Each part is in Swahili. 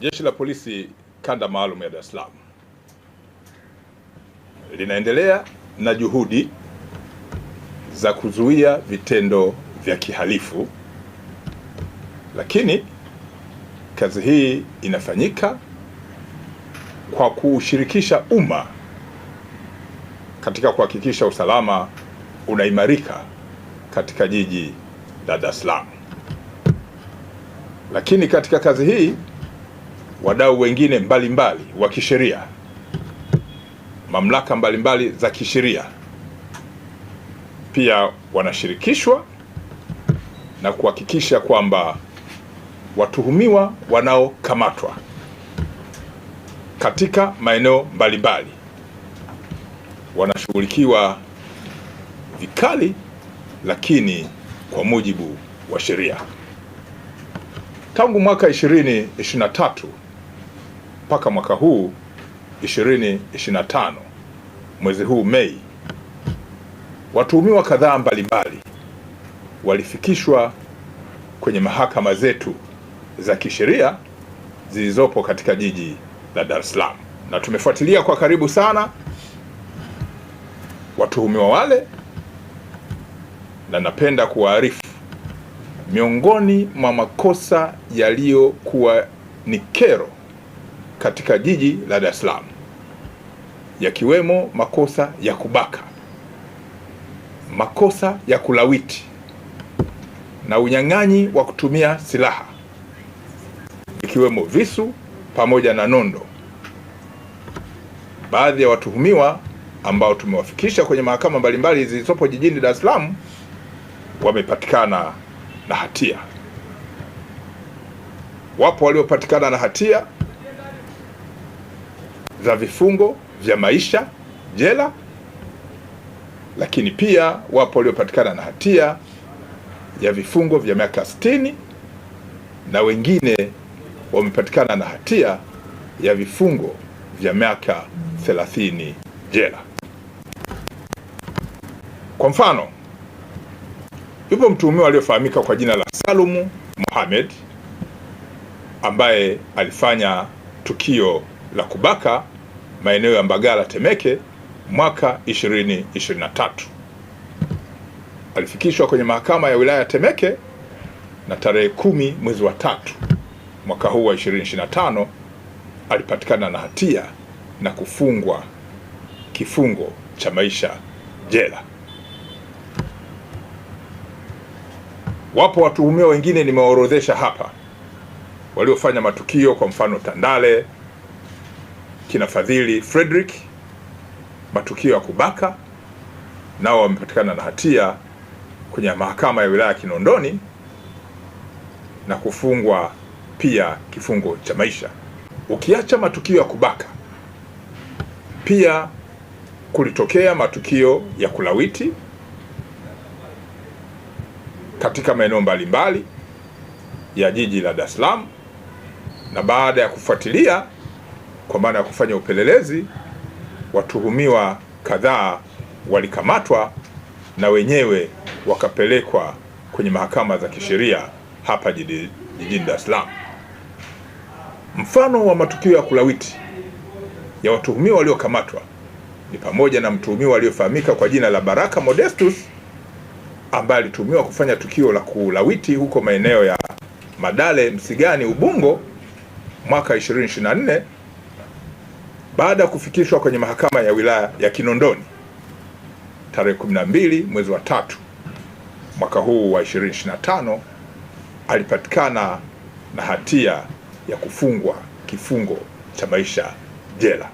Jeshi la Polisi kanda maalum ya Dar es Salaam linaendelea na juhudi za kuzuia vitendo vya kihalifu, lakini kazi hii inafanyika kwa kuushirikisha umma katika kuhakikisha usalama unaimarika katika jiji la Dar es Salaam. Lakini katika kazi hii wadau wengine mbalimbali wa kisheria, mamlaka mbalimbali za kisheria pia wanashirikishwa na kuhakikisha kwamba watuhumiwa wanaokamatwa katika maeneo mbalimbali wanashughulikiwa vikali, lakini kwa mujibu wa sheria. Tangu mwaka 2023 mpaka mwaka huu 2025 mwezi huu Mei, watuhumiwa kadhaa mbalimbali walifikishwa kwenye mahakama zetu za kisheria zilizopo katika jiji la Dar es Salaam, na tumefuatilia kwa karibu sana watuhumiwa wale, na napenda kuwaarifu miongoni mwa makosa yaliyokuwa ni kero katika jiji la Dar es Salaam, yakiwemo makosa ya kubaka, makosa ya kulawiti na unyang'anyi wa kutumia silaha ikiwemo visu pamoja na nondo. Baadhi ya watuhumiwa ambao tumewafikisha kwenye mahakama mbalimbali zilizopo jijini Dar es Salaam wamepatikana na hatia. Wapo waliopatikana na hatia za vifungo vya maisha jela, lakini pia wapo waliopatikana na hatia ya vifungo vya miaka 60 na wengine wamepatikana na hatia ya vifungo vya miaka 30 jela. Kwa mfano, yupo mtuhumiwa aliyofahamika kwa jina la Salumu Mohamed ambaye alifanya tukio la kubaka maeneo ya Mbagala Temeke mwaka 2023. Alifikishwa kwenye mahakama ya wilaya Temeke na tarehe kumi mwezi wa tatu mwaka huu wa 2025 alipatikana na hatia na kufungwa kifungo cha maisha jela. Wapo watuhumiwa wengine nimewaorodhesha hapa waliofanya matukio, kwa mfano Tandale kinafadhili Frederick, matukio ya kubaka, nao wamepatikana na hatia kwenye mahakama ya wilaya Kinondoni na kufungwa pia kifungo cha maisha. Ukiacha matukio ya kubaka, pia kulitokea matukio ya kulawiti katika maeneo mbalimbali ya jiji la Dar es Salaam, na baada ya kufuatilia kwa maana ya kufanya upelelezi. Watuhumiwa kadhaa walikamatwa na wenyewe wakapelekwa kwenye mahakama za kisheria hapa jijini Dar es Salaam. Mfano wa matukio ya kulawiti ya watuhumiwa waliokamatwa ni pamoja na mtuhumiwa aliyofahamika kwa jina la Baraka Modestus ambaye alituhumiwa kufanya tukio la kulawiti huko maeneo ya Madale, Msigani, Ubungo mwaka baada ya kufikishwa kwenye mahakama ya wilaya ya Kinondoni tarehe 12 mwezi wa tatu mwaka huu wa 2025 alipatikana na hatia ya kufungwa kifungo cha maisha jela.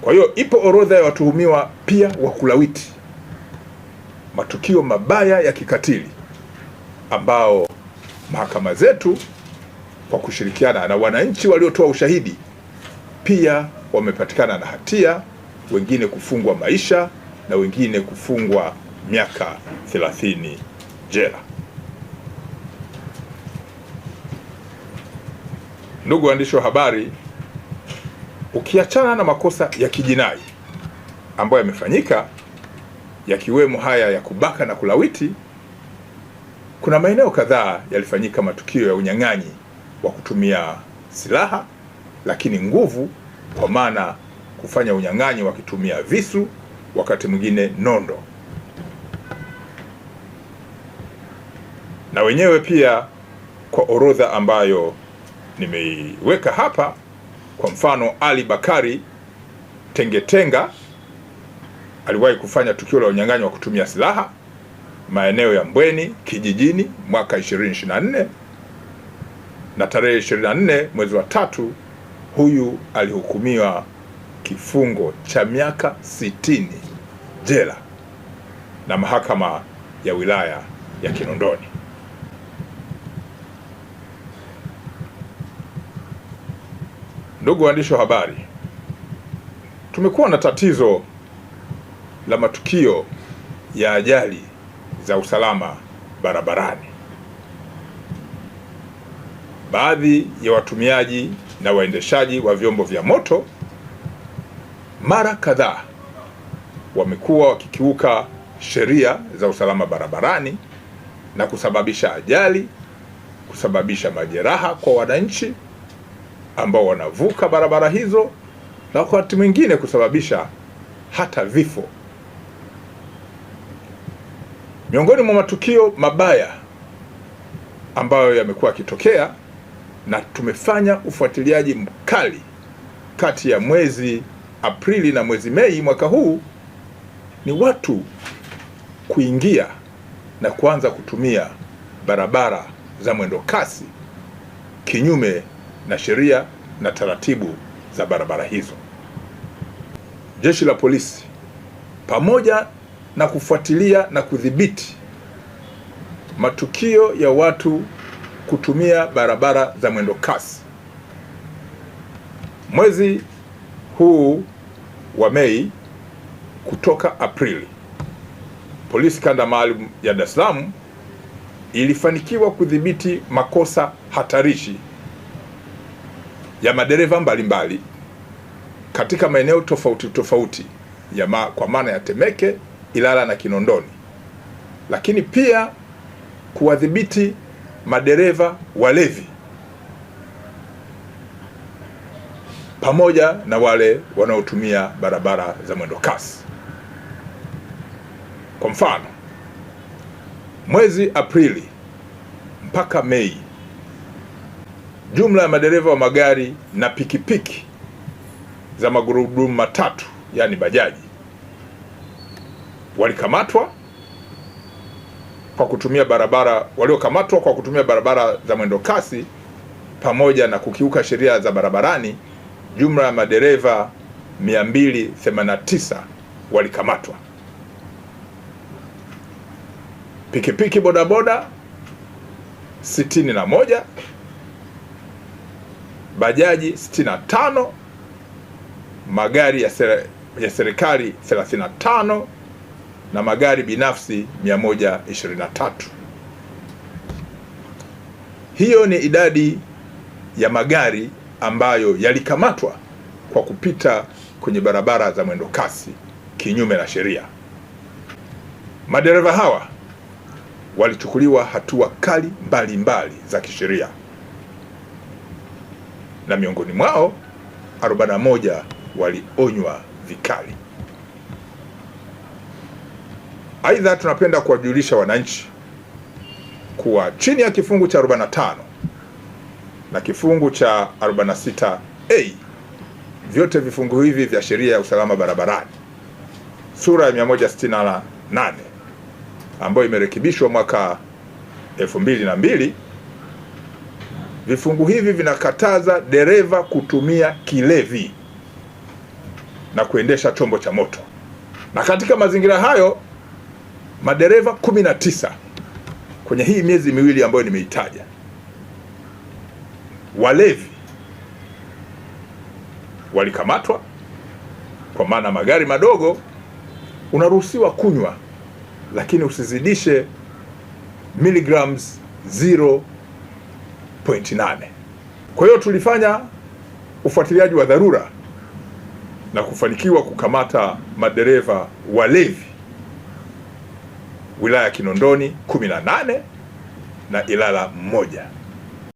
Kwa hiyo ipo orodha ya watuhumiwa pia wa kulawiti matukio mabaya ya kikatili ambao mahakama zetu kwa kushirikiana na wananchi waliotoa ushahidi pia wamepatikana na hatia, wengine kufungwa maisha na wengine kufungwa miaka 30 jela. Ndugu waandishi wa habari, ukiachana na makosa ya kijinai ambayo yamefanyika yakiwemo haya ya kubaka na kulawiti, kuna maeneo kadhaa yalifanyika matukio ya unyang'anyi wa kutumia silaha, lakini nguvu kwa maana kufanya unyang'anyi wakitumia visu, wakati mwingine nondo. Na wenyewe pia kwa orodha ambayo nimeiweka hapa, kwa mfano Ali Bakari Tengetenga aliwahi kufanya tukio la unyang'anyi wa kutumia silaha maeneo ya Mbweni kijijini mwaka 2024 na tarehe 24 mwezi wa tatu huyu alihukumiwa kifungo cha miaka sitini jela na mahakama ya wilaya ya Kinondoni. Ndugu waandishi wa habari, tumekuwa na tatizo la matukio ya ajali za usalama barabarani. Baadhi ya watumiaji na waendeshaji wa vyombo vya moto mara kadhaa wamekuwa wakikiuka sheria za usalama barabarani na kusababisha ajali, kusababisha majeraha kwa wananchi ambao wanavuka barabara hizo na wakati mwingine kusababisha hata vifo. Miongoni mwa matukio mabaya ambayo yamekuwa yakitokea na tumefanya ufuatiliaji mkali kati ya mwezi Aprili na mwezi Mei mwaka huu, ni watu kuingia na kuanza kutumia barabara za mwendo kasi kinyume na sheria na taratibu za barabara hizo. Jeshi la polisi pamoja na kufuatilia na kudhibiti matukio ya watu kutumia barabara za mwendo kasi. Mwezi huu wa Mei kutoka Aprili, polisi kanda maalum ya Dar es Salaam ilifanikiwa kudhibiti makosa hatarishi ya madereva mbalimbali katika maeneo tofauti tofauti ya ma, kwa maana ya Temeke, Ilala na Kinondoni, lakini pia kuwadhibiti madereva walevi pamoja na wale wanaotumia barabara za mwendo kasi. Kwa mfano, mwezi Aprili mpaka Mei, jumla ya madereva wa magari na pikipiki za magurudumu matatu, yaani bajaji, walikamatwa kwa kutumia barabara waliokamatwa kwa kutumia barabara za mwendo kasi pamoja na kukiuka sheria za barabarani, jumla ya madereva 289 walikamatwa. Pikipiki bodaboda 61, bajaji 65, magari ya serikali 35 na magari binafsi 123. Hiyo ni idadi ya magari ambayo yalikamatwa kwa kupita kwenye barabara za mwendo kasi kinyume na sheria. Madereva hawa walichukuliwa hatua kali mbalimbali mbali za kisheria, na miongoni mwao 41 walionywa vikali. Aidha, tunapenda kuwajulisha wananchi kuwa chini ya kifungu cha 45 na kifungu cha 46A, vyote vifungu hivi vya sheria ya usalama barabarani sura ya 168 ambayo imerekebishwa mwaka 2002, vifungu hivi vinakataza dereva kutumia kilevi na kuendesha chombo cha moto, na katika mazingira hayo madereva 19 kwenye hii miezi miwili ambayo nimeitaja, walevi walikamatwa, kwa maana magari madogo unaruhusiwa kunywa, lakini usizidishe milligrams 0.8. Kwa hiyo tulifanya ufuatiliaji wa dharura na kufanikiwa kukamata madereva walevi wilaya ya Kinondoni 18 na Ilala mmoja.